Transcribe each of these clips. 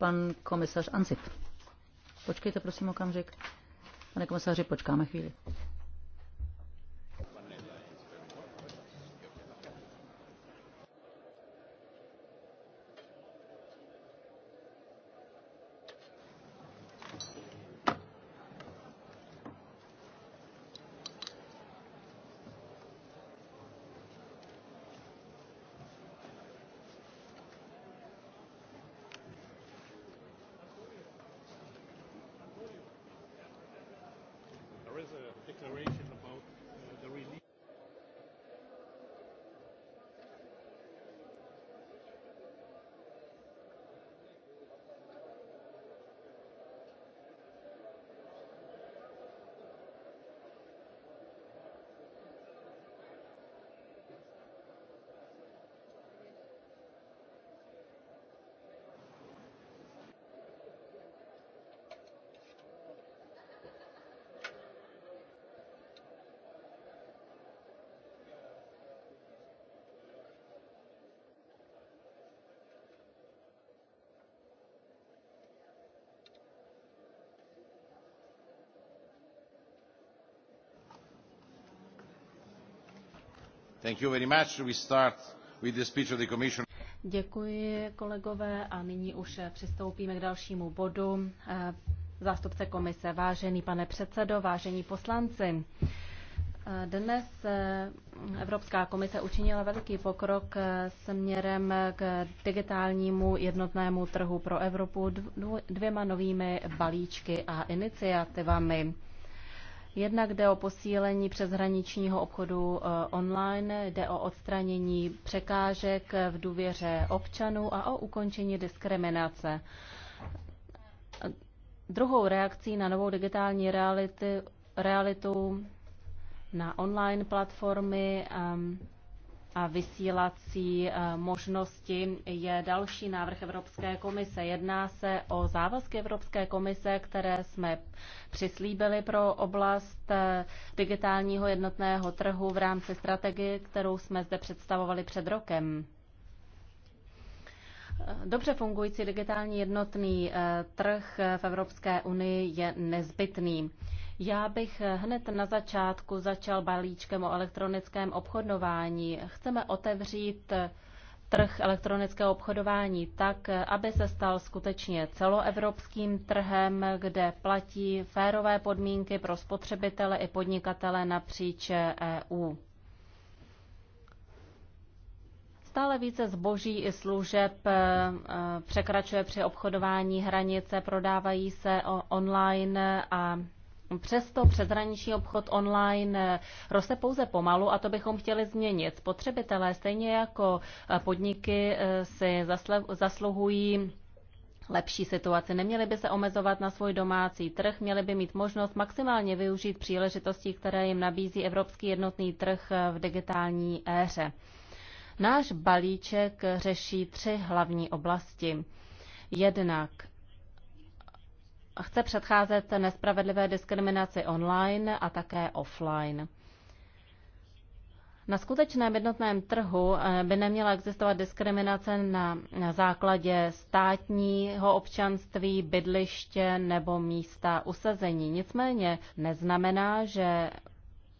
pan komisař Ansip. Počkejte prosím okamžik. Pane komisaři, počkáme chvíli. Děkuji, kolegové, a nyní už eh, přistoupíme k dalšímu bodu. Eh, zástupce komise, vážený pane předsedo, vážení poslanci. Eh, dnes Evropská komise učinila veliký pokrok směrem k digitálnímu jednotnému trhu pro Evropu dvěma novými balíčky a iniciativami. Jednak jde o posílení přeshraničního obchodu eh, online, jde o odstranění překážek v důvěře občanů a o ukončení diskriminace. Druhou reakcí na novou digitální reality, realitu na online platformy a vysílací eh, možnosti je další návrh Evropské komise. Jedná se o závazky Evropské komise, které jsme přislíbili pro oblast eh, digitálního jednotného trhu v rámci strategie, kterou jsme zde představovali před rokem. Eh, dobře fungující digitální jednotný trh v Evropské unii je nezbytný. Já bych hned na začátku začal balíčkem o elektronickém obchodování. Chceme otevřít trh elektronického obchodování tak, aby se stal skutečně celoevropským trhem, kde platí férové podmínky pro spotřebitele i podnikatele napříč EU. Stále více zboží i služeb eh, překračuje při obchodování hranice, prodávají se online a Přesto přeshraniční obchod online eh, roste pouze pomalu a to bychom chtěli změnit. Spotřebitelé stejně jako eh, podniky eh, si zasluhují lepší situaci. Neměli by se omezovat na svůj domácí trh, měli by mít možnost maximálně využít příležitosti, které jim nabízí Evropský jednotný trh v digitální éře. Náš balíček řeší tři hlavní oblasti. Jednak chce předcházet nespravedlivé diskriminaci online a také offline. Na skutečném jednotném trhu eh, by neměla existovat diskriminace na základě státního občanství, bydliště nebo místa usazení. Nicméně neznamená, že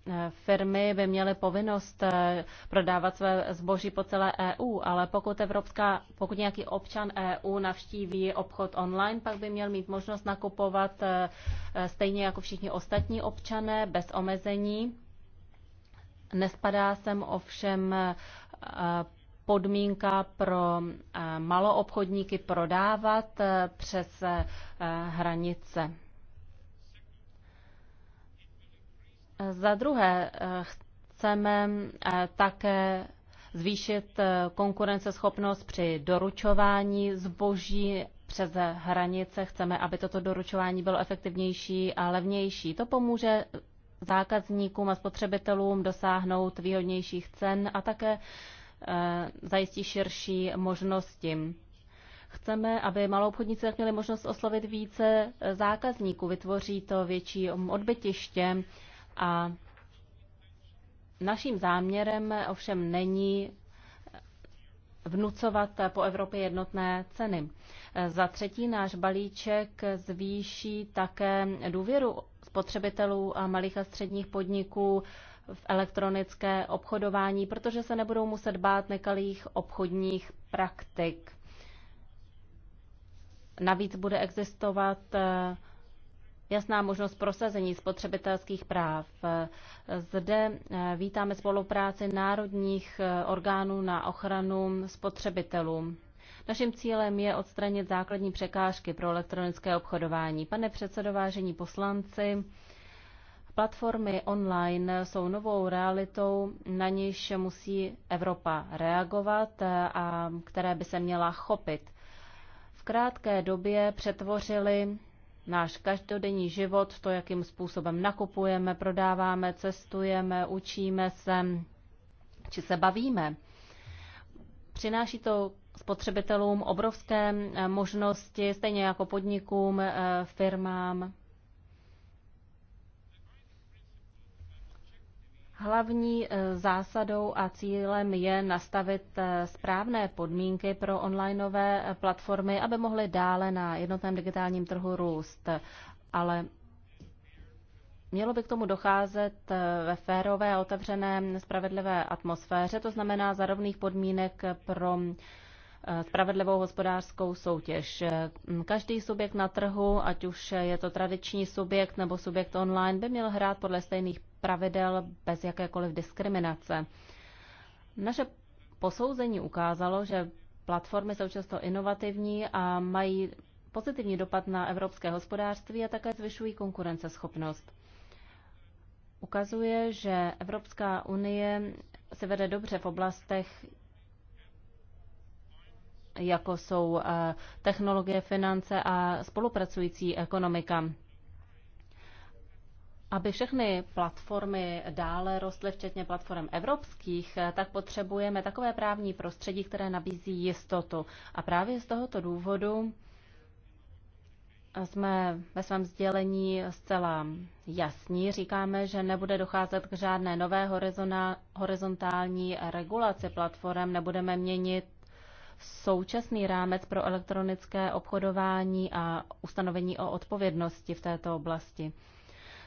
Eh, firmy by měly povinnost eh, prodávat své zboží po celé EU, ale pokud, Evropská, pokud nějaký občan EU navštíví obchod online, pak by měl mít možnost nakupovat eh, stejně jako všichni ostatní občané bez omezení. Nespadá sem ovšem podmínka pro maloobchodníky prodávat přes hranice. Za druhé, eh, chceme eh, také zvýšit eh, konkurenceschopnost při doručování zboží přes hranice. Chceme, aby toto doručování bylo efektivnější a levnější. To pomůže zákazníkům a spotřebitelům dosáhnout výhodnějších cen a také zajistí širší možnosti. Chceme, aby malou obchodníci měli možnost oslovit více zákazníků, vytvoří to větší odbytiště a naším záměrem ovšem není vnucovat po Evropě jednotné ceny. Za třetí náš balíček zvýší také důvěru spotřebitelů a malých a středních podniků v elektronické obchodování, protože se nebudou muset bát nekalých obchodních praktik. Navíc bude existovat jasná možnost prosazení spotřebitelských práv. Zde eh, vítáme spolupráci národních eh, orgánů na ochranu spotřebitelů. Naším cílem je odstranit základní překážky pro elektronické obchodování. Pane předsedo, vážení poslanci, platformy online jsou novou realitou, na níž musí Evropa reagovat eh, a které by se měla chopit. V krátké době přetvořili náš každodenní život, to, jakým způsobem nakupujeme, prodáváme, cestujeme, učíme se či se bavíme. Přináší to spotřebitelům obrovské eh, možnosti, stejně jako podnikům, eh, firmám. Hlavní eh, zásadou a cílem je nastavit eh, správné podmínky pro onlineové eh, platformy, aby mohly dále na jednotném digitálním trhu růst. Ale Mělo by k tomu docházet ve férové otevřené spravedlivé atmosféře, to znamená za rovných podmínek pro Eh, spravedlivou hospodářskou soutěž. Eh, každý subjekt na trhu, ať už je to tradiční subjekt nebo subjekt online, by měl hrát podle stejných pravidel bez jakékoliv diskriminace. Naše posouzení ukázalo, že platformy jsou často inovativní a mají pozitivní dopad na evropské hospodářství a také zvyšují konkurenceschopnost. Ukazuje, že Evropská unie se vede dobře v oblastech, jako jsou eh, technologie, finance a spolupracující ekonomika. Aby všechny platformy dále rostly, včetně platform evropských, eh, tak potřebujeme takové právní prostředí, které nabízí jistotu. A právě z tohoto důvodu jsme ve svém sdělení zcela jasní. Říkáme, že nebude docházet k žádné nové horizontální regulaci platform, nebudeme měnit současný rámec pro elektronické obchodování a ustanovení o odpovědnosti v této oblasti.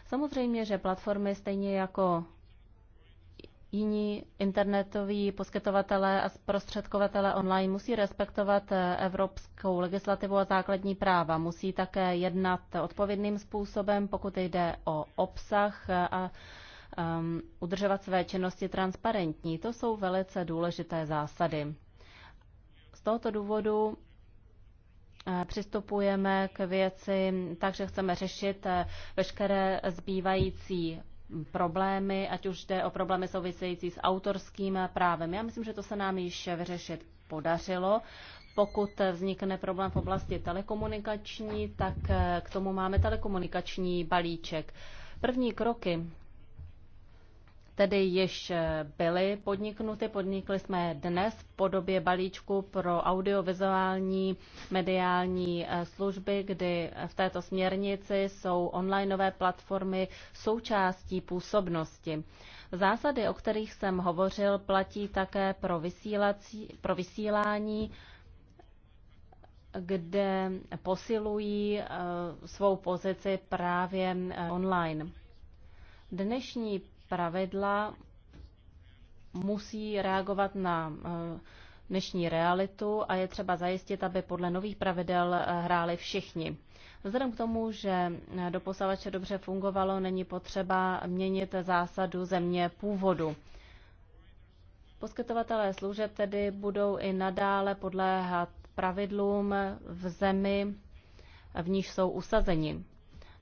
Samozřejmě, že platformy stejně jako jiní internetoví poskytovatelé a zprostředkovatelé online musí respektovat evropskou legislativu a základní práva. Musí také jednat odpovědným způsobem, pokud jde o obsah a um, udržovat své činnosti transparentní. To jsou velice důležité zásady tohoto důvodu eh, přistupujeme k věci tak, že chceme řešit eh, veškeré zbývající problémy, ať už jde o problémy související s autorským eh, právem. Já myslím, že to se nám již vyřešit podařilo. Pokud vznikne problém v oblasti telekomunikační, tak k tomu máme telekomunikační balíček. První kroky tedy již eh, byly podniknuty. Podnikli jsme dnes v podobě balíčku pro audiovizuální mediální eh, služby, kdy eh, v této směrnici jsou onlineové platformy součástí působnosti. Zásady, o kterých jsem hovořil, platí také pro, vysílací, pro vysílání kde posilují svou pozici právě online. Dnešní pravidla musí reagovat na eh, dnešní realitu a je třeba zajistit, aby podle nových pravidel eh, hráli všichni. Vzhledem k tomu, že eh, doposavače dobře fungovalo, není potřeba měnit zásadu země původu. Poskytovatelé služeb tedy budou i nadále podléhat pravidlům v zemi, v níž jsou usazeni.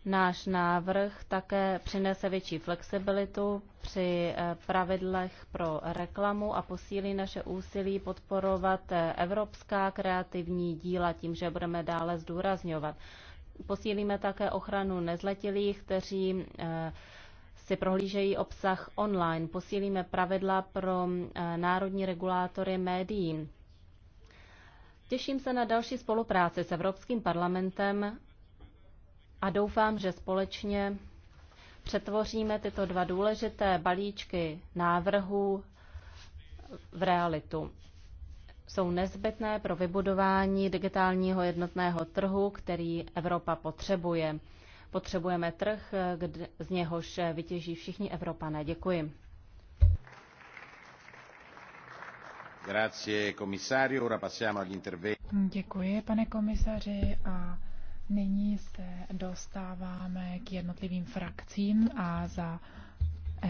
Náš návrh také přinese větší flexibilitu při eh, pravidlech pro reklamu a posílí naše úsilí podporovat eh, evropská kreativní díla tím, že budeme dále zdůrazňovat. Posílíme také ochranu nezletilých, kteří eh, si prohlížejí obsah online. Posílíme pravidla pro národní regulátory médií. Těším se na další spolupráci s Evropským parlamentem a doufám, že společně přetvoříme tyto dva důležité balíčky návrhů v realitu. Jsou nezbytné pro vybudování digitálního jednotného trhu, který Evropa potřebuje. Potřebujeme trh, kde z něhož vytěží všichni Evropané. Děkuji. Děkuji, pane komisaři. A Nyní se dostáváme k jednotlivým frakcím a za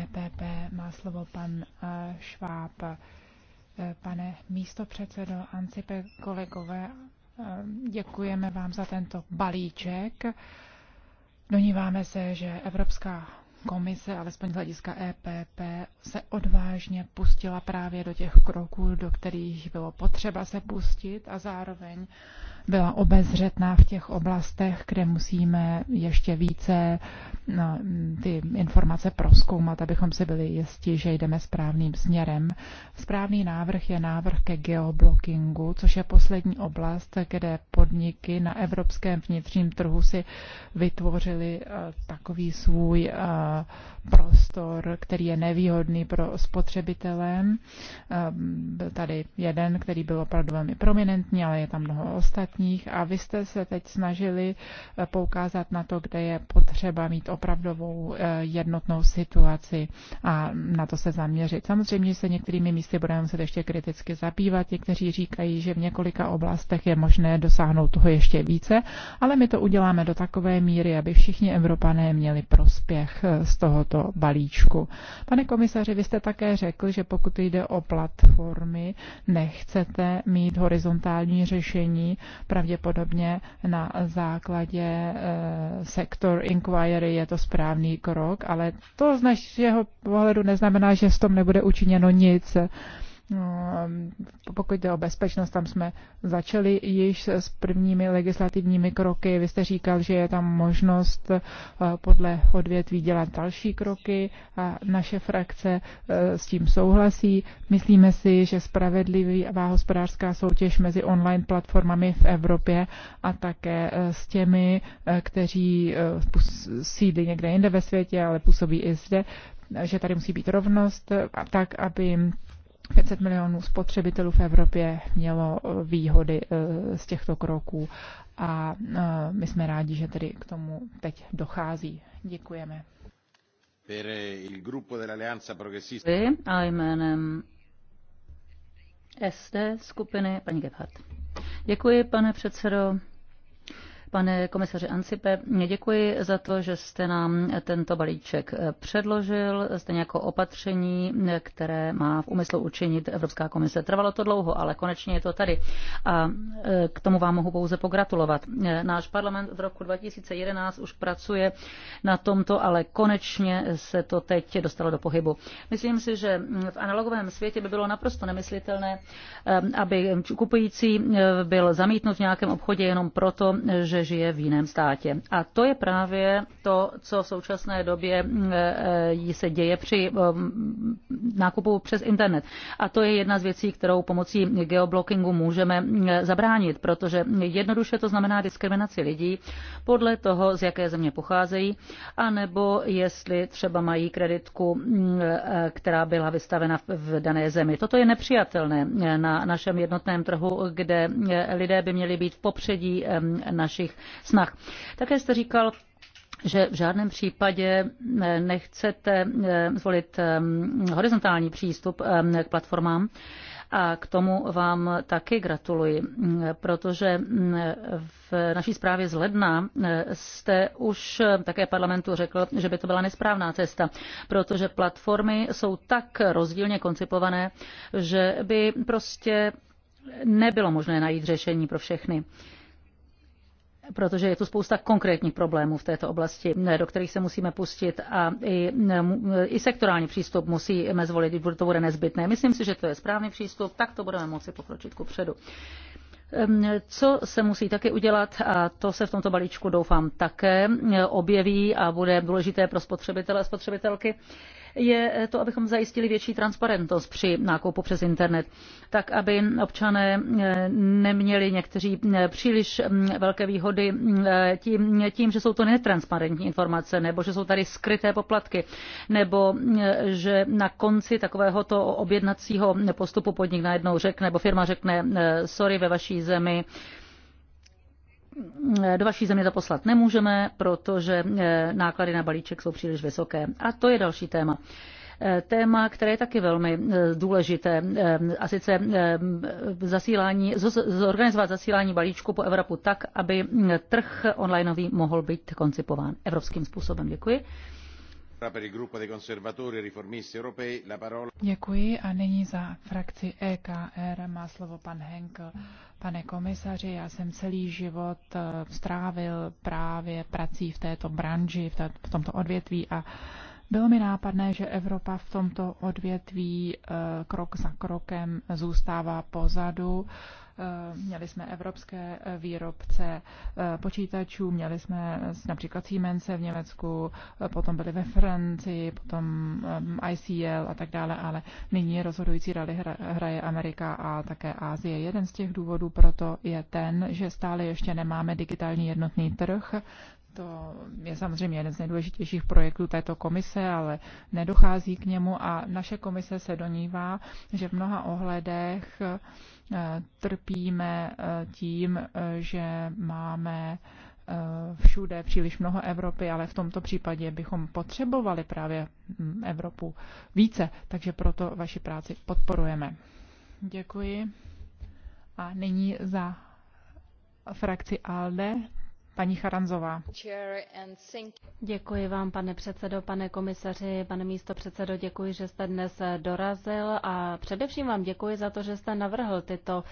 EPP má slovo pan eh, Šváb. Eh, pane místopředsedo Ancipe, kolegové, eh, děkujeme vám za tento balíček. Doníváme se, že Evropská komise, alespoň z hlediska EPP, se odvážně pustila právě do těch kroků, do kterých bylo potřeba se pustit a zároveň byla obezřetná v těch oblastech, kde musíme ještě více no, ty informace proskoumat, abychom si byli jisti, že jdeme správným směrem. Správný návrh je návrh ke geoblockingu, což je poslední oblast, kde podniky na evropském vnitřním trhu si vytvořili eh, takový svůj eh, prostor, který je nevýhodný pro spotřebitele. Eh, byl tady jeden, který byl opravdu velmi prominentní, ale je tam mnoho ostatních. A vy jste se teď snažili poukázat na to, kde je potřeba mít opravdovou jednotnou situaci a na to se zaměřit. Samozřejmě se některými místy budeme muset ještě kriticky zabývat. Někteří říkají, že v několika oblastech je možné dosáhnout dosáhnout toho ještě více, ale my to uděláme do takové míry, aby všichni Evropané měli prospěch eh, z tohoto balíčku. Pane komisaři, vy jste také řekl, že pokud jde o platformy, nechcete mít horizontální řešení, pravděpodobně na základě eh, sektor inquiry je to správný krok, ale to z našeho pohledu neznamená, že s tom nebude učiněno nic. No, pokud jde o bezpečnost, tam jsme začali již s prvními legislativními kroky. Vy jste říkal, že je tam možnost eh, podle odvětví dělat další kroky a naše frakce eh, s tím souhlasí. Myslíme si, že spravedlivá hospodářská soutěž mezi online platformami v Evropě a také eh, s těmi, kteří sídlí někde jinde ve světě, ale působí i zde, že tady musí být rovnost, tak aby 500 milionů spotřebitelů v Evropě mělo eh, výhody eh, z těchto kroků a eh, my jsme rádi, že tedy k tomu teď dochází. Děkujeme. Vy a jménem SD skupiny paní Gebhardt. Děkuji, pane předsedo. Pane komisaři Ancipe, děkuji za to, že jste nám tento balíček předložil, stejně jako opatření, které má v úmyslu učinit Evropská komise. Trvalo to dlouho, ale konečně je to tady. A e, k tomu vám mohu pouze pogratulovat. E, náš parlament od roku 2011 už pracuje na tomto, ale konečně se to teď dostalo do pohybu. Myslím si, že v analogovém světě by bylo naprosto nemyslitelné, e, aby kupující byl zamítnut v nějakém obchodě jenom proto, že že žije v jiném státě. A to je právě to, co v současné době eh, eh, se děje při eh, nákupu přes internet. A to je jedna z věcí, kterou pomocí geoblockingu můžeme zabránit, protože jednoduše to znamená diskriminaci lidí podle toho, z jaké země pocházejí, anebo jestli třeba mají kreditku, mm, která byla vystavena v dané zemi. Toto je nepřijatelné na našem jednotném trhu, kde lidé by měli být v popředí našich našich snah. Také jste říkal, že v žádném případě eh, nechcete eh, zvolit eh, horizontální přístup k platformám. A k tomu vám taky gratuluji, protože mm, v naší zprávě z ledna jste už také parlamentu řekl, že by to byla nesprávná cesta, protože platformy jsou tak rozdílně koncipované, že by prostě nebylo možné najít řešení pro všechny protože je tu spousta konkrétních problémů v této oblasti, do kterých se musíme pustit a i, i sektorální přístup musíme zvolit, to bude nezbytné. Myslím si, že to je správný přístup, tak to budeme moci pokročit ku předu. Co se musí také udělat, a to se v tomto balíčku doufám také objeví a bude důležité pro spotřebitele a spotřebitelky, je to, abychom zajistili větší transparentnost při nákupu přes internet, tak aby občané eh, neměli někteří eh, příliš mm, velké výhody eh, tím, tím že jsou to netransparentní informace, nebo že jsou tady skryté poplatky, nebo že na konci takovéhoto objednacího postupu podnik najednou řekne, nebo firma řekne, sorry, ve vaší zemi do vaší země zaposlat nemůžeme, protože eh, náklady na balíček jsou příliš vysoké. A to je další téma eh, téma, které je taky velmi eh, důležité, a sice zasílání, zorganizovat zasílání balíčku po Evropu tak, aby trh onlineový mohl být koncipován evropským způsobem. Děkuji. E Děkuji a nyní za frakci EKR má slovo pan Henkel. Pane komisaři, já jsem celý život eh, strávil právě prací v této branži, v tomto odvětví a bylo mi nápadné, že Evropa v tomto odvětví eh, krok za krokem zůstává pozadu Eh, měli jsme evropské eh, výrobce eh, počítačů, měli jsme například Siemens v Německu, potom byli ve Francii, potom ICL a tak dále, ale nyní rozhodující roli hraje Amerika a také Asie. Jeden z těch důvodů proto je ten, že stále ještě nemáme digitální jednotný trh, to je samozřejmě jeden z nejdůležitějších projektů této komise, ale nedochází k němu a naše komise se donívá, že v mnoha ohledech eh, trpíme eh, tím, eh, že máme všude příliš mnoho Evropy, ale v tomto případě bychom potřebovali právě hm, Evropu více, takže proto vaši práci podporujeme. Děkuji. A nyní za frakci ALDE paní Charanzová. Děkuji vám, pane předsedo, pane komisaři, pane místo předsedo, děkuji, že jste dnes dorazil a především vám děkuji za to, že jste navrhl tyto uh,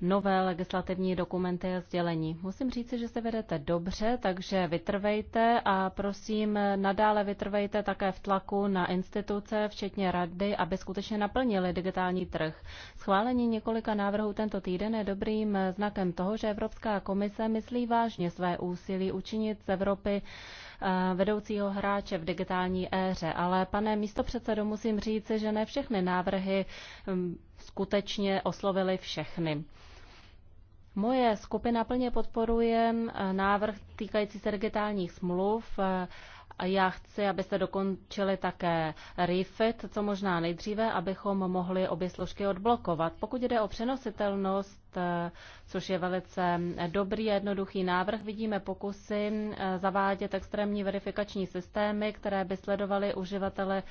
nové legislativní dokumenty a sdělení. Musím říci, že se vedete dobře, takže vytrvejte a prosím nadále vytrvejte také v tlaku na instituce, včetně rady, aby skutečně naplnili digitální trh. Schválení několika návrhů tento týden je dobrým znakem toho, že Evropská komise myslí vážně své úsilí učinit z Evropy eh, vedoucího hráče v digitální éře. Ale pane místopředsedo, musím říci, že ne všechny návrhy hm, skutečně oslovily všechny. Moje skupina plně podporuje eh, návrh týkající se digitálních smluv. Eh, já chci, abyste dokončili také refit, co možná nejdříve, abychom mohli obě složky odblokovat. Pokud jde o přenositelnost, eh, což je velice dobrý a jednoduchý návrh, vidíme pokusy zavádět extrémní verifikační systémy, které by sledovaly uživatele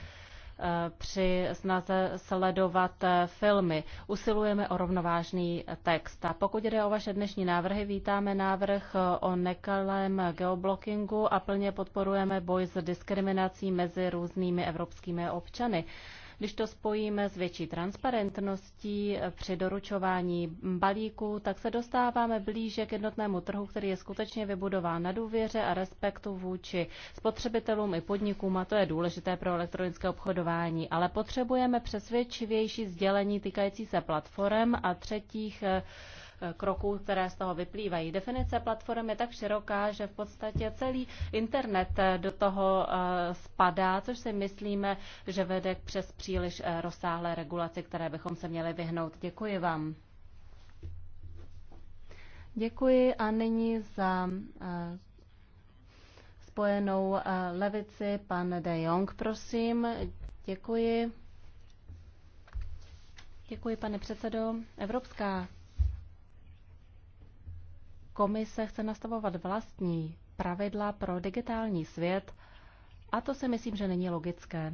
Eh, při snaze sledovat eh, filmy. Usilujeme o rovnovážný text. A pokud jde o vaše dnešní návrhy, vítáme návrh eh, o nekalém geoblockingu a plně podporujeme boj s diskriminací mezi různými evropskými občany. Když to spojíme s větší transparentností při doručování balíků, tak se dostáváme blíže k jednotnému trhu, který je skutečně vybudován na důvěře a respektu vůči spotřebitelům i podnikům a to je důležité pro elektronické obchodování. Ale potřebujeme přesvědčivější sdělení týkající se platform a třetích eh, Eh, kroků, které z toho vyplývají. Definice platform je tak široká, že v podstatě celý internet eh, do toho eh, spadá, což si myslíme, že vede k přes příliš rozsáhlé regulaci, které bychom se měli vyhnout. Děkuji vám. Děkuji a nyní za spojenou levici pan De Jong, prosím. Děkuji. Děkuji, pane předsedo. Evropská Komise chce nastavovat vlastní pravidla pro digitální svět a to si myslím, že není logické.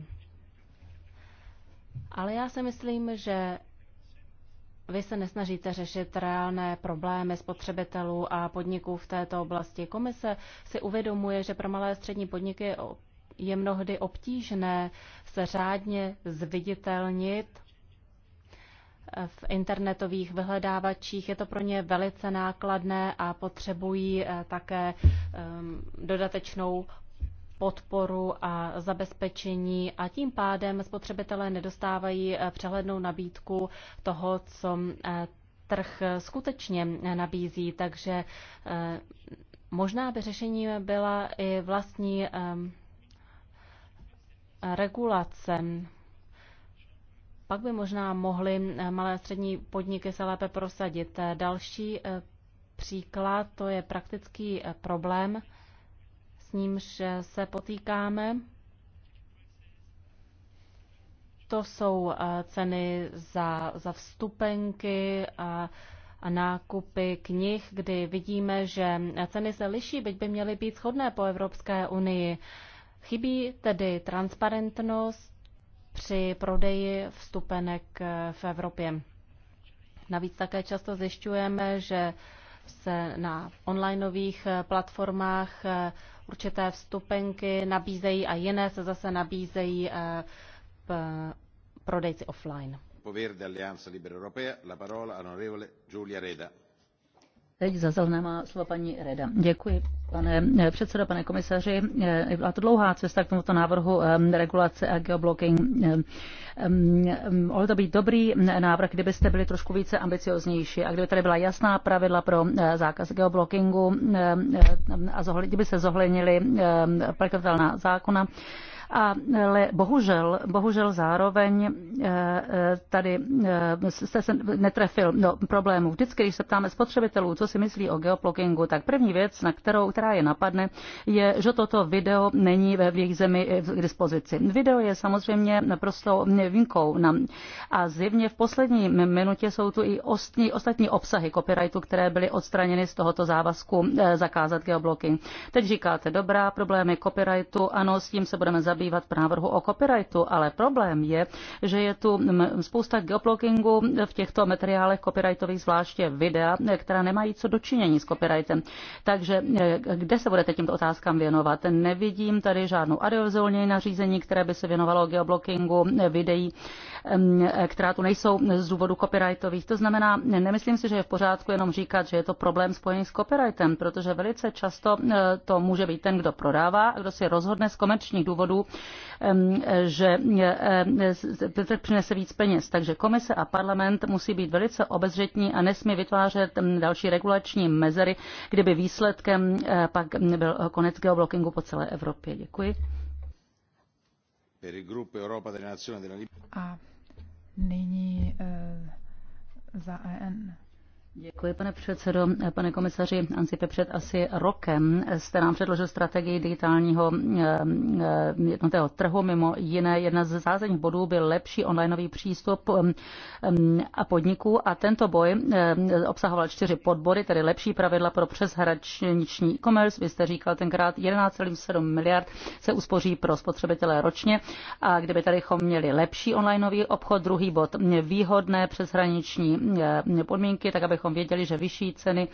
Ale já si myslím, že vy se nesnažíte řešit reálné problémy spotřebitelů a podniků v této oblasti. Komise si uvědomuje, že pro malé a střední podniky je mnohdy obtížné se řádně zviditelnit v internetových vyhledávačích. Je to pro ně velice nákladné a potřebují eh, také ehm, dodatečnou podporu a zabezpečení a tím pádem spotřebitelé nedostávají eh, přehlednou nabídku toho, co eh, trh skutečně nabízí. Takže možná by řešení byla i vlastní ehm, regulace pak by možná mohly eh, malé a střední podniky se lépe prosadit. Eh, další eh, příklad, to je praktický problém, s nímž se potýkáme. To jsou ceny za, za vstupenky a a nákupy knih, kdy vidíme, že ceny se liší, byť by měly být shodné po Evropské unii. Chybí tedy transparentnost při prodeji vstupenek eh, v Evropě. Navíc také často zjišťujeme, že se na onlineových eh, platformách eh, určité vstupenky nabízejí a jiné se zase nabízejí prodejci offline. Teď za zelené má slovo paní Reda. Děkuji, pane eh, předsedo, pane komisaři. Eh, byla to dlouhá cesta k tomuto návrhu ehm, regulace a geoblocking. Mohl ehm, ehm, to být dobrý návrh, kdybyste byli trošku více ambicioznější a kdyby tady byla jasná pravidla pro eh, zákaz geoblockingu a kdyby se zohlednili aplikovatelná zákona ale bohužel, bohužel zároveň e, e, tady jste se netrefil do no, problému. Vždycky, když se ptáme spotřebitelů, co si myslí o geoblockingu, tak první věc, na kterou, která je napadne, je, že toto video není ve v jejich zemi k e, dispozici. Video je samozřejmě naprosto výjimkou na, a zjevně v poslední minutě jsou tu i ostní, ostatní obsahy copyrightu, které byly odstraněny z tohoto závazku zakázat geoblocking. Teď říkáte, dobrá, problémy copyrightu, ano, s tím se budeme zabývat zabývat v návrhu o copyrightu, ale problém je, že je tu spousta geoblockingu v těchto materiálech copyrightových, zvláště videa, která nemají co dočinění s copyrightem. Takže e, kde se budete těmto otázkám věnovat? Nevidím tady žádnou audiovizuální nařízení, které by se věnovalo geoblockingu e, videí, e, která tu nejsou z důvodu copyrightových. To znamená, nemyslím si, že je v pořádku jenom říkat, že je to problém spojený s copyrightem, protože velice často to může být ten, kdo prodává a kdo si rozhodne z komerčních důvodů že trh e, e, přinese víc peněz. Takže komise a parlament musí být velice obezřetní a nesmí vytvářet další regulační mezery, kdyby výsledkem pak byl konec geoblockingu po celé Evropě. Děkuji. A nyní eh, za EN Děkuji, pane předsedo. Pane komisaři Ancipe, před asi rokem jste nám předložil strategii digitálního eh, jednotného trhu. Mimo jiné, jedna z zásadních bodů byl lepší onlineový přístup eh, a podniků a tento boj eh, obsahoval čtyři podbory. tedy lepší pravidla pro přeshraniční e-commerce. Vy jste říkal tenkrát 11,7 miliard se uspoří pro spotřebitele ročně a kdyby tady měli lepší onlineový obchod, druhý bod výhodné přeshraniční podmínky, tak abychom abychom věděli, že vyšší ceny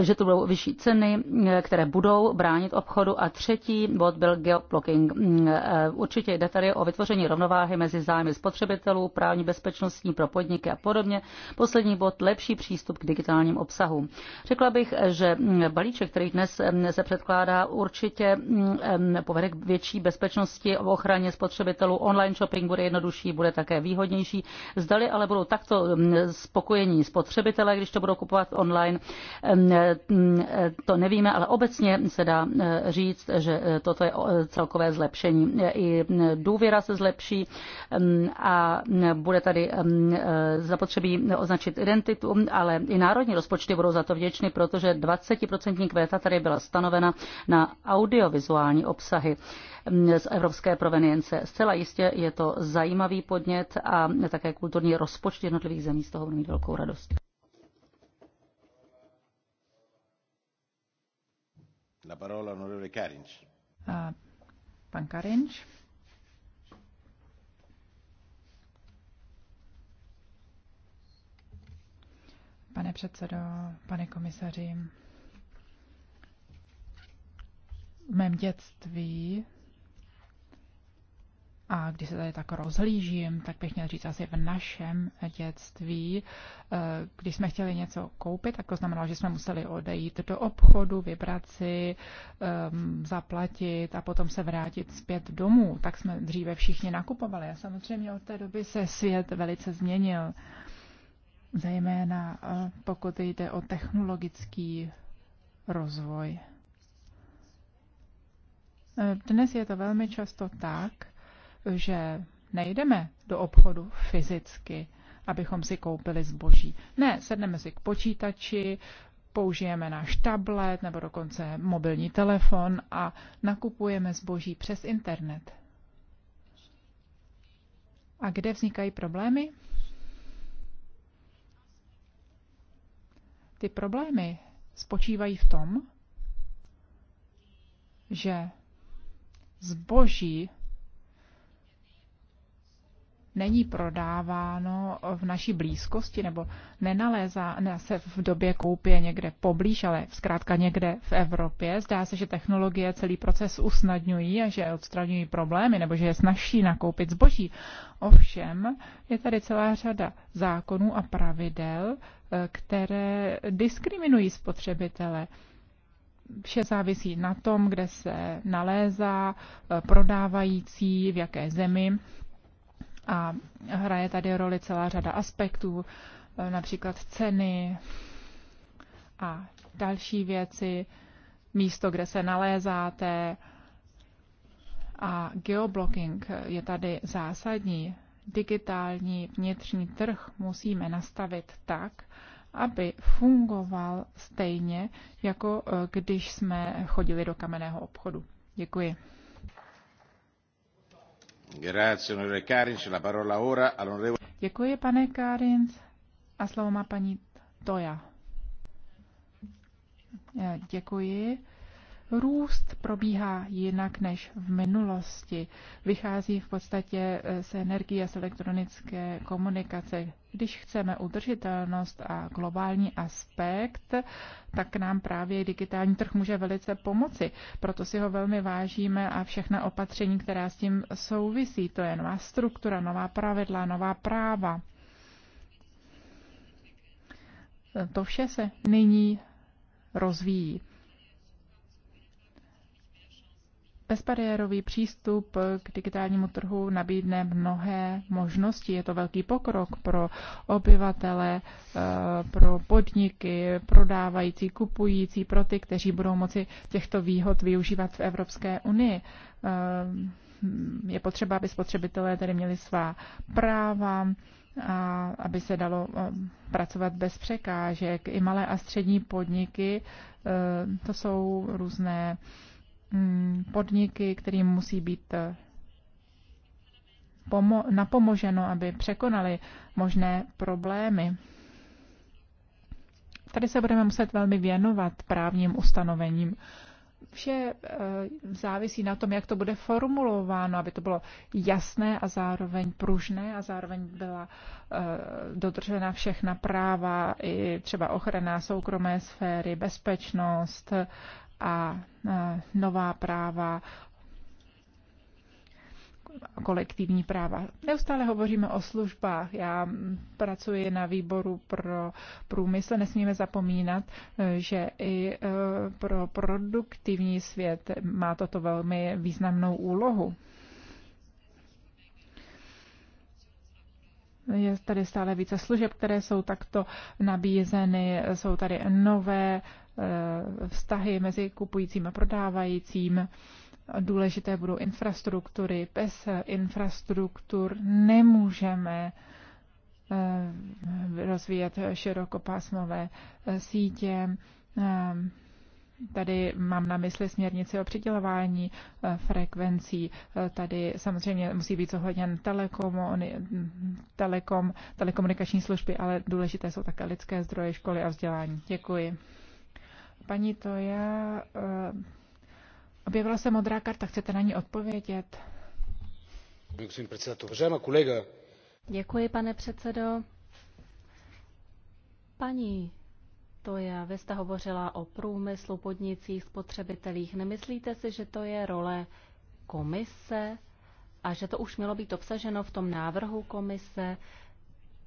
že to budou vyšší ceny, které budou bránit obchodu. A třetí bod byl geoblocking. Určitě jde tady o vytvoření rovnováhy mezi zájmy spotřebitelů, právní bezpečnostní pro podniky a podobně. Poslední bod, lepší přístup k digitálním obsahům. Řekla bych, že balíček, který dnes se předkládá, určitě povede k větší bezpečnosti v ochraně spotřebitelů. Online shopping bude jednodušší, bude také výhodnější. Zdali ale budou takto spokojení spotřebitelé, když to budou kupovat online, Mm, eh, to nevíme, ale obecně se dá eh, říct, že eh, toto je celkové zlepšení. I mm, důvěra se zlepší mm, a bude tady zapotřebí označit identitu, ale i národní rozpočty budou za to vděčny, protože 20% kvéta tady byla stanovena na audiovizuální obsahy z evropské provenience. Zcela jistě je to zajímavý podnět a také kulturní rozpočty jednotlivých zemí z toho budou mít velkou radost. La parola onorevole pan Pane předsedo, pane komisaři, v mém dětství a když se tady tak rozhlížím, tak bych měl říct asi v našem dětství, eh, když jsme chtěli něco koupit, tak to znamenalo, že jsme museli odejít do obchodu, vybrat si, ehm, zaplatit a potom se vrátit zpět domů. Tak jsme dříve všichni nakupovali a samozřejmě od té doby se svět velice změnil. Zejména eh, pokud jde o technologický rozvoj. Eh, dnes je to velmi často tak, že nejdeme do obchodu fyzicky, abychom si koupili zboží. Ne, sedneme si k počítači, použijeme náš tablet nebo dokonce mobilní telefon a nakupujeme zboží přes internet. A kde vznikají problémy? Ty problémy spočívají v tom, že zboží není prodáváno v naší blízkosti nebo nenalézá ne, se v době koupě někde poblíž, ale zkrátka někde v Evropě. Zdá se, že technologie celý proces usnadňují a že odstraňují problémy nebo že je snažší nakoupit zboží. Ovšem je tady celá řada zákonů a pravidel, eh, které diskriminují spotřebitele vše závisí na tom, kde se nalézá eh, prodávající, v jaké zemi a hraje tady roli celá řada aspektů, e, například ceny a další věci, místo, kde se nalézáte. A geoblocking je tady zásadní. Digitální vnitřní trh musíme nastavit tak, aby fungoval stejně, jako e, když jsme chodili do kamenného obchodu. Děkuji. Děkuji, pane Karins. A slovo má paní Toja. Eh, děkuji. Růst probíhá jinak než v minulosti. Vychází v podstatě eh, z energie z elektronické komunikace. Když chceme udržitelnost a globální aspekt, tak nám právě digitální trh může velice pomoci. Proto si ho velmi vážíme a všechna opatření, která s tím souvisí, to je nová struktura, nová pravidla, nová práva. Eh, to vše se nyní rozvíjí. Bezbariérový přístup k digitálnímu trhu nabídne mnohé možnosti. Je to velký pokrok pro obyvatele, eh, pro podniky, prodávající, kupující, pro ty, kteří budou moci těchto výhod využívat v Evropské unii. Eh, je potřeba, aby spotřebitelé tedy měli svá práva, a aby se dalo eh, pracovat bez překážek. I malé a střední podniky, to jsou různé Mm, podniky, kterým musí být eh, napomoženo, aby překonali možné problémy. Tady se budeme muset velmi věnovat právním ustanovením. Vše eh, závisí na tom, jak to bude formulováno, aby to bylo jasné a zároveň pružné a zároveň byla eh, dodržena všechna práva, i třeba ochrana soukromé sféry, bezpečnost a nová práva, kolektivní práva. Neustále hovoříme o službách. Já pracuji na výboru pro průmysl. Nesmíme zapomínat, e, že i e, pro produktivní svět má toto velmi významnou úlohu. Je tady stále více služeb, které jsou takto nabízeny, jsou tady nové eh, vztahy mezi kupujícím a prodávajícím. Důležité budou infrastruktury. Bez infrastruktur nemůžeme eh, rozvíjet širokopásmové eh, sítě Tady mám na mysli směrnici o přidělování eh, frekvencí. Eh, tady samozřejmě musí být zohledněn telekom, telekom, telekomunikační služby, ale důležité jsou také lidské zdroje, školy a vzdělání. Děkuji. Paní to já eh, objevila se modrá karta, chcete na ní odpovědět? Děkuji, pane předsedo. Paní to je, vy jste hovořila o průmyslu, podnicích, spotřebitelích. Nemyslíte si, že to je role komise a že to už mělo být obsaženo v tom návrhu komise?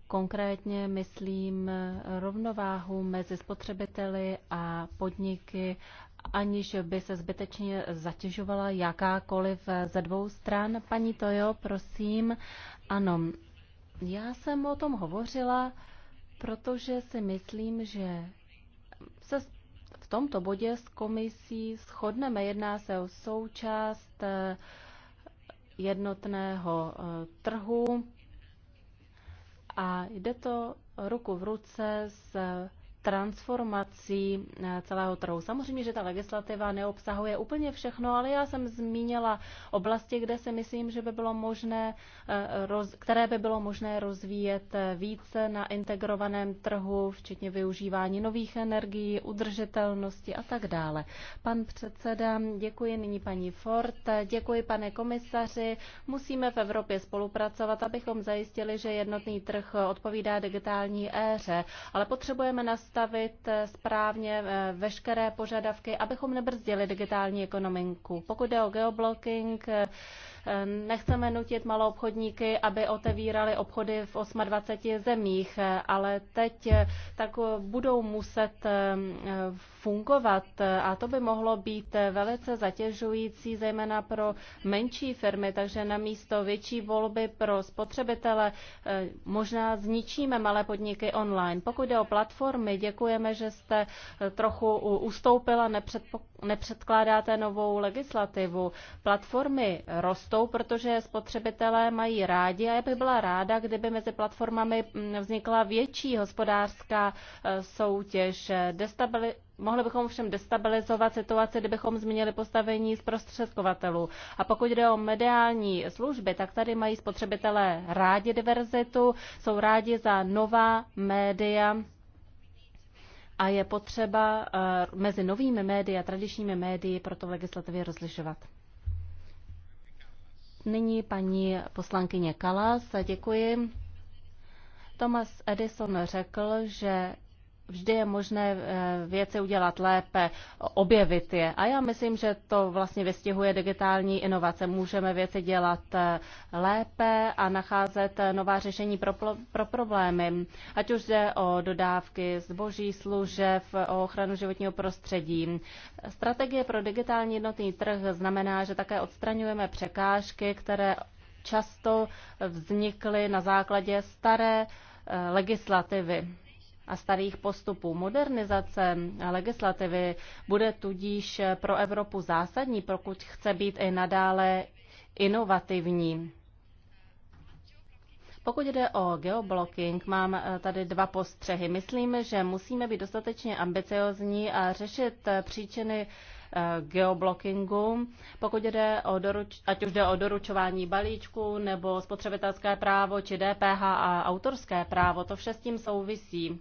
Konkrétně myslím rovnováhu mezi spotřebiteli a podniky, aniž by se zbytečně zatěžovala jakákoliv ze dvou stran. Paní Tojo, prosím. Ano, já jsem o tom hovořila protože si myslím, že se v tomto bodě s komisí shodneme. Jedná se o součást eh, jednotného eh, trhu a jde to ruku v ruce s transformací eh, celého trhu. Samozřejmě, že ta legislativa neobsahuje úplně všechno, ale já jsem zmínila oblasti, kde si myslím, že by bylo možné, eh, které by bylo možné rozvíjet eh, více na integrovaném trhu, včetně využívání nových energií, udržitelnosti a tak dále. Pan předseda, děkuji nyní paní Ford, děkuji pane komisaři. Musíme v Evropě spolupracovat, abychom zajistili, že jednotný trh odpovídá digitální éře, ale potřebujeme na nastavit eh, správně eh, veškeré požadavky, abychom nebrzdili digitální ekonomiku. Pokud jde o geoblocking, eh, Nechceme nutit malou obchodníky, aby otevírali obchody v 28 zemích, ale teď tak budou muset eh, fungovat a to by mohlo být velice zatěžující, zejména pro menší firmy, takže na místo větší volby pro spotřebitele eh, možná zničíme malé podniky online. Pokud jde o platformy, děkujeme, že jste eh, trochu ustoupila, nepředpokládala nepředkládáte novou legislativu. Platformy rostou, protože spotřebitelé mají rádi a já bych byla ráda, kdyby mezi platformami mm, vznikla větší hospodářská e, soutěž. Destabili- Mohli bychom všem destabilizovat situaci, kdybychom změnili postavení zprostředkovatelů. A pokud jde o mediální služby, tak tady mají spotřebitelé rádi diverzitu, jsou rádi za nová média a je potřeba eh, mezi novými médii a tradičními médii proto v legislativě rozlišovat. Nyní paní poslankyně Kalas, děkuji. Thomas Edison řekl, že vždy je možné eh, věci udělat lépe, objevit je. A já myslím, že to vlastně vystihuje digitální inovace. Můžeme věci dělat eh, lépe a nacházet eh, nová řešení pro, pro problémy, ať už jde o dodávky zboží, služeb, o ochranu životního prostředí. Strategie pro digitální jednotný trh znamená, že také odstraňujeme překážky, které často vznikly na základě staré legislativy a starých postupů. Modernizace legislativy bude tudíž pro Evropu zásadní, pokud chce být i nadále inovativní. Pokud jde o geoblocking, mám eh, tady dva postřehy. Myslím, že musíme být dostatečně ambiciozní a řešit eh, příčiny eh, geoblockingu. Pokud jde o doruč, ať už jde o doručování balíčku nebo spotřebitelské právo či DPH a autorské právo, to vše s tím souvisí.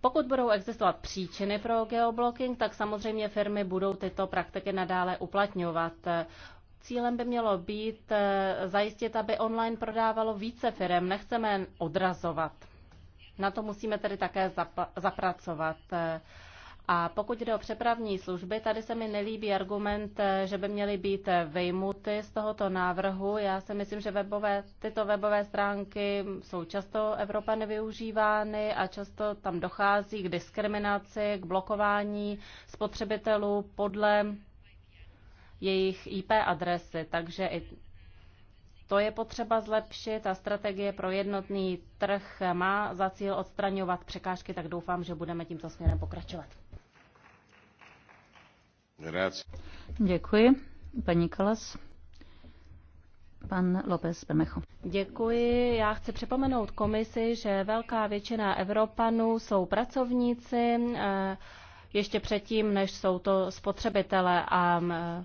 Pokud budou existovat příčiny pro geoblocking, tak samozřejmě firmy budou tyto praktiky nadále uplatňovat. Cílem by mělo být eh, zajistit, aby online prodávalo více firm. Nechceme odrazovat. Na to musíme tedy také zapracovat. Eh, a pokud jde o přepravní služby, tady se mi nelíbí argument, eh, že by měly být eh, vejmuty z tohoto návrhu. Já si myslím, že webové, tyto webové stránky jsou často Evropa nevyužívány a často tam dochází k diskriminaci, k blokování spotřebitelů podle jejich IP adresy. Takže i to je potřeba zlepšit a strategie pro jednotný trh má za cíl odstraňovat překážky, tak doufám, že budeme tímto směrem pokračovat. Děkuji. Paní Kalas. Pan López Bermecho. Děkuji. Já chci připomenout komisi, že velká většina Evropanů jsou pracovníci eh, ještě předtím, než jsou to spotřebitele a eh,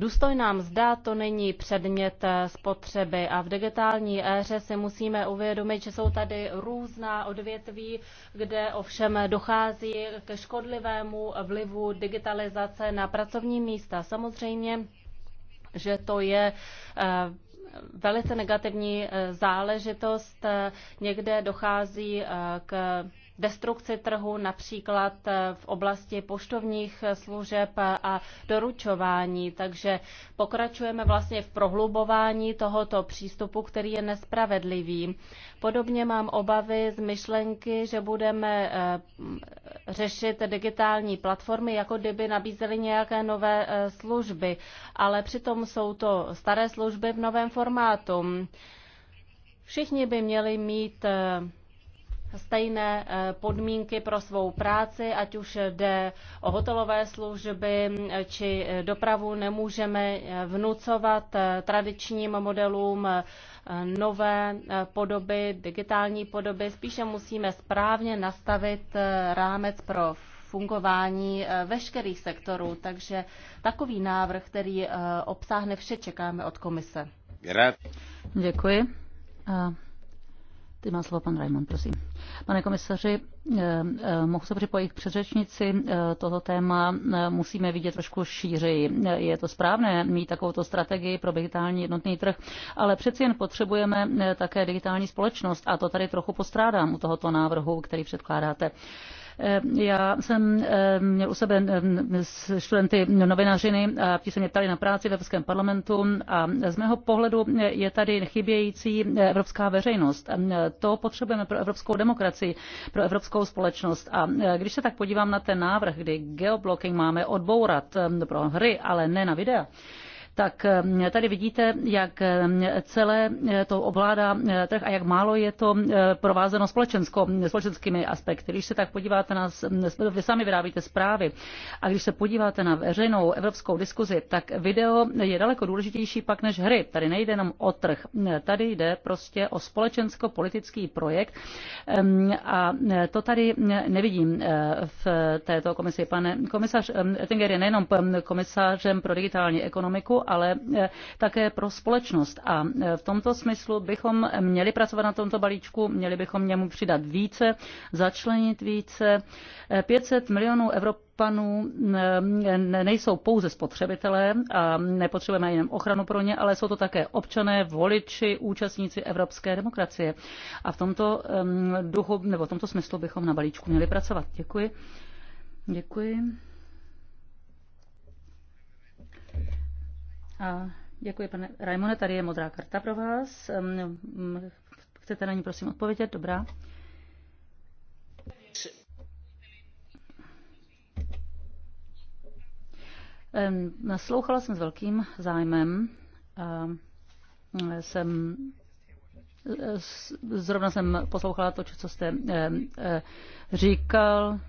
Důstojná mzda to není předmět eh, spotřeby a v digitální éře si musíme uvědomit, že jsou tady různá odvětví, kde ovšem dochází ke škodlivému vlivu digitalizace na pracovní místa. Samozřejmě, že to je eh, velice negativní eh, záležitost. Někde dochází k destrukci trhu, například eh, v oblasti poštovních služeb a doručování. Takže pokračujeme vlastně v prohlubování tohoto přístupu, který je nespravedlivý. Podobně mám obavy z myšlenky, že budeme eh, řešit digitální platformy, jako kdyby nabízely nějaké nové eh, služby, ale přitom jsou to staré služby v novém formátu. Všichni by měli mít stejné eh, podmínky pro svou práci, ať už jde o hotelové služby eh, či eh, dopravu, nemůžeme vnucovat tradičním modelům nové podoby, digitální podoby. Spíše musíme správně nastavit rámec pro fungování veškerých sektorů, takže takový návrh, který obsáhne vše, čekáme od komise. Děkuji. A ty má slovo pan Raymond, prosím. Pane komisaři, eh, eh, mohu se připojit k předřečnici. Eh, toto téma musíme vidět trošku šířeji. Je to správné mít takovouto strategii pro digitální jednotný trh, ale přeci jen potřebujeme také digitální společnost a to tady trochu postrádám u tohoto návrhu, který předkládáte. Eh, já jsem eh, měl u sebe eh, studenty novinařiny a ti se mě ptali na práci v Evropském parlamentu a z mého pohledu je tady chybějící evropská veřejnost. To potřebujeme pro evropskou demokracii, pro evropskou společnost. A když se tak podívám na ten návrh, kdy geoblocking máme odbourat pro hry, ale ne na videa, tak eh, tady vidíte, jak eh, celé eh, to ovládá trh a jak málo je to provázeno společensko, společenskými aspekty. Když se tak podíváte na, vy sami vyrábíte zprávy a když se podíváte na veřejnou evropskou diskuzi, tak video je daleko důležitější pak než hry. Tady nejde jenom o trh, tady jde prostě o společensko-politický projekt a to tady nevidím v této komisi. Pane komisař Ettinger je nejenom komisařem pro digitální ekonomiku, ale e, také pro společnost. A e, v tomto smyslu bychom měli pracovat na tomto balíčku, měli bychom němu přidat více, začlenit více. 500 e, milionů Evropy Evropanů nejsou pouze spotřebitelé a nepotřebujeme jenom ochranu pro ně, ale jsou to také občané, voliči, účastníci evropské demokracie. A v tomto duchu nebo v tomto smyslu bychom na balíčku měli pracovat. Děkuji. Děkuji. A děkuji, pane Raimone. Tady je modrá karta pro vás. Chcete na ní, prosím, odpovědět? Dobrá. Naslouchala jsem s velkým zájmem. E, jsem e, Zrovna jsem poslouchala to, co jste e, říkal.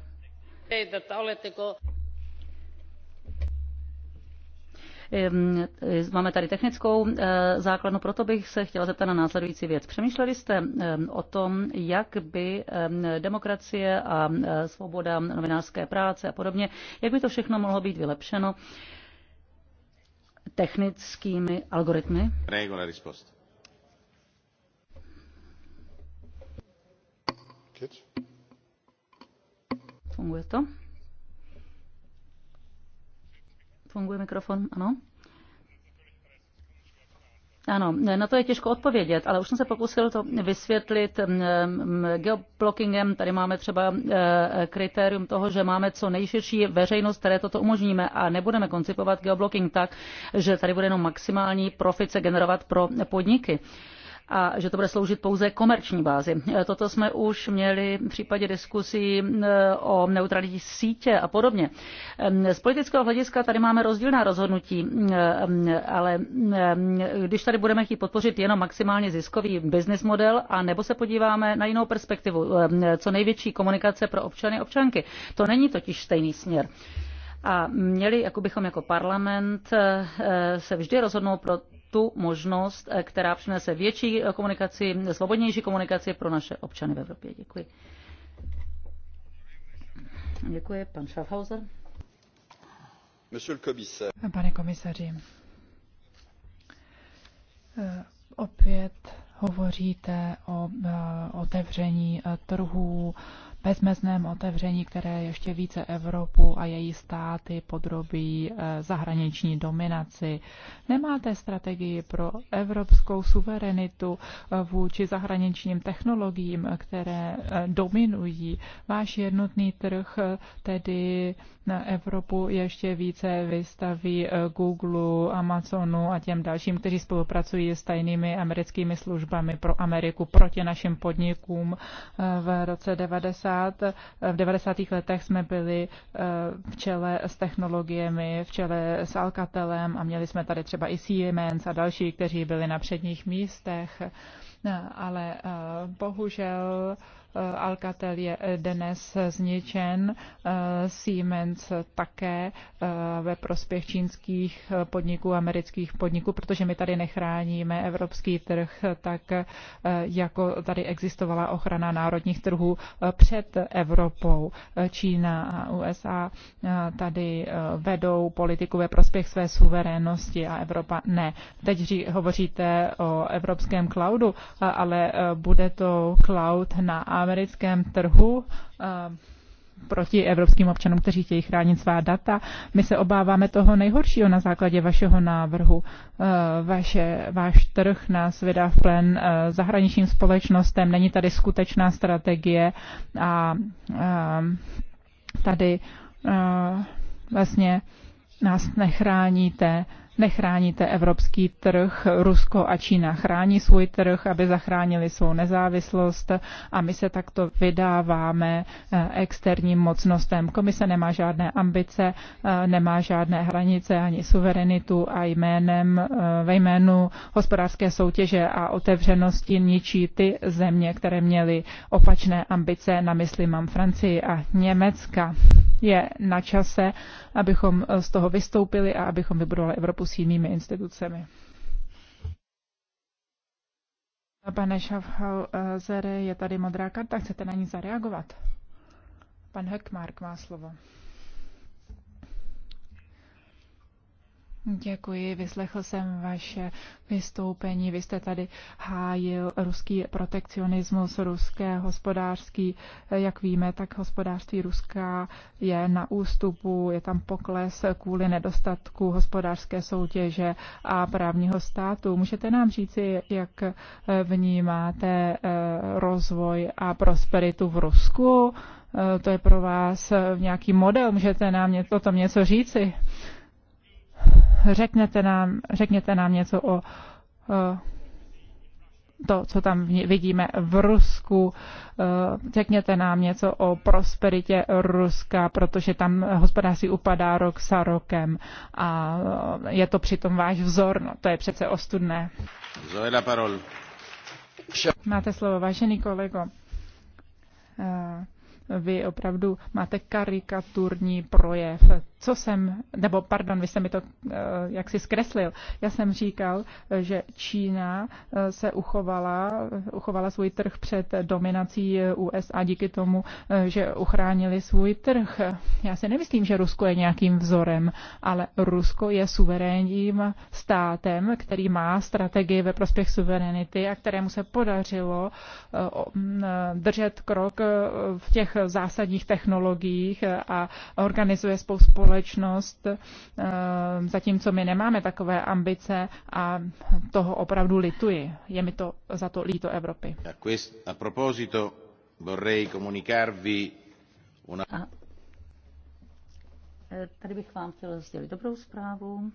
Ehm, eh, máme tady technickou eh, základnu, proto bych se chtěla zeptat na následující věc. Přemýšleli jste ehm, o tom, jak by ehm, demokracie a eh, svoboda novinářské práce a podobně, jak by to všechno mohlo být vylepšeno technickými algoritmy? Prego la risposta. Funguje to? Funguje mikrofon? Ano. Ano, na to je těžko odpovědět, ale už jsem se pokusil to vysvětlit mm, mm, geoblockingem. Tady máme třeba eh, kritérium toho, že máme co nejširší veřejnost, které toto umožníme a nebudeme koncipovat geoblocking tak, že tady bude jenom maximální profit se generovat pro podniky a že to bude sloužit pouze komerční bázi. Toto jsme už měli v případě diskusí e, o neutralitě sítě a podobně. E, z politického hlediska tady máme rozdílná rozhodnutí, e, ale když tady budeme chtít podpořit jenom maximálně ziskový business model, a nebo se podíváme na jinou perspektivu, co největší komunikace pro občany a občanky. To není totiž stejný směr a měli, jako bychom jako parlament se vždy rozhodnout pro tu možnost, eh, která přinese větší eh, komunikaci, svobodnější komunikaci pro naše občany v Evropě. Děkuji. Děkuji, pan Schaffhauser. Pane komisaři, eh, opět hovoříte o otevření trhů, bezmezném otevření, které ještě více Evropu a její státy podrobí eh, zahraniční dominaci. Nemáte strategii pro evropskou suverenitu eh, vůči zahraničním technologiím, které eh, dominují. Váš jednotný trh tedy na Evropu ještě více vystaví Google, Amazonu a těm dalším, kteří spolupracují s tajnými americkými službami pro Ameriku proti našim podnikům v roce 90 90. V 90. letech jsme byli eh, v čele s technologiemi, v čele s Alcatelem a měli jsme tady třeba i Siemens a další, kteří byli na předních místech. Eh, ale eh, bohužel Eh, Alcatel je eh, dnes eh, zničen, Siemens také ve prospěch čínských podniků, amerických podniků, protože my tady nechráníme evropský trh tak, jako tady existovala ochrana národních trhů před Evropou. Čína a USA tady vedou politiku ve prospěch své suverénnosti a Evropa ne. Teď hovoříte o evropském cloudu, ale bude to cloud na americkém trhu eh, proti evropským občanům, kteří chtějí chránit svá data. My se obáváme toho nejhoršího na základě vašeho návrhu. Eh, vaše, váš trh nás vydá v plen eh, zahraničním společnostem, není tady skutečná strategie a, tady vlastně nás nechráníte Nechráníte evropský trh, Rusko a Čína chrání svůj trh, aby zachránili svou nezávislost a my se takto vydáváme eh, externím mocnostem. Komise nemá žádné ambice, eh, nemá žádné hranice ani suverenitu a jménem, eh, ve jménu hospodářské soutěže a otevřenosti ničí ty země, které měly opačné ambice, na mysli mám Francii a Německa je na čase, abychom eh, z toho vystoupili a abychom vybudovali Evropu s jinými institucemi. Pane Schaffhausere, je tady modrá karta, chcete na ní zareagovat? Pan Heckmark má slovo. Děkuji, vyslechl jsem vaše vystoupení. Vy jste tady hájil ruský protekcionismus, ruské hospodářský, jak víme, tak hospodářství Ruska je na ústupu, je tam pokles kvůli nedostatku hospodářské soutěže a právního státu. Můžete nám říci, jak vnímáte eh, rozvoj a prosperitu v Rusku? Eh, to je pro vás nějaký model, můžete nám o tom něco říci? řeknete nám, řekněte nám něco o to, co tam vidíme v Rusku. E, řekněte nám něco o prosperitě Ruska, protože tam hospodářství upadá rok za rokem a e, je to přitom váš vzor, no to je přece ostudné. Máte slovo, vážený kolego. E, vy opravdu máte karikaturní projev. Co jsem, nebo pardon, vy jste mi to eh, jak si zkreslil. Já jsem říkal, že Čína eh, se uchovala, eh, uchovala svůj trh před dominací USA díky tomu, že uchránili svůj trh. Já si nemyslím, že Rusko je nějakým vzorem, ale Rusko je suverénním státem, který má strategii ve prospěch suverenity a kterému se podařilo držet krok v těch zásadních technologiích a organizuje spolu společnost, eh, zatímco my nemáme takové ambice a toho opravdu lituji. Je mi to za to líto Evropy. A proposito vorrei comunicarvi una... A eh, tady bych vám chtěla sdělit dobrou zprávu.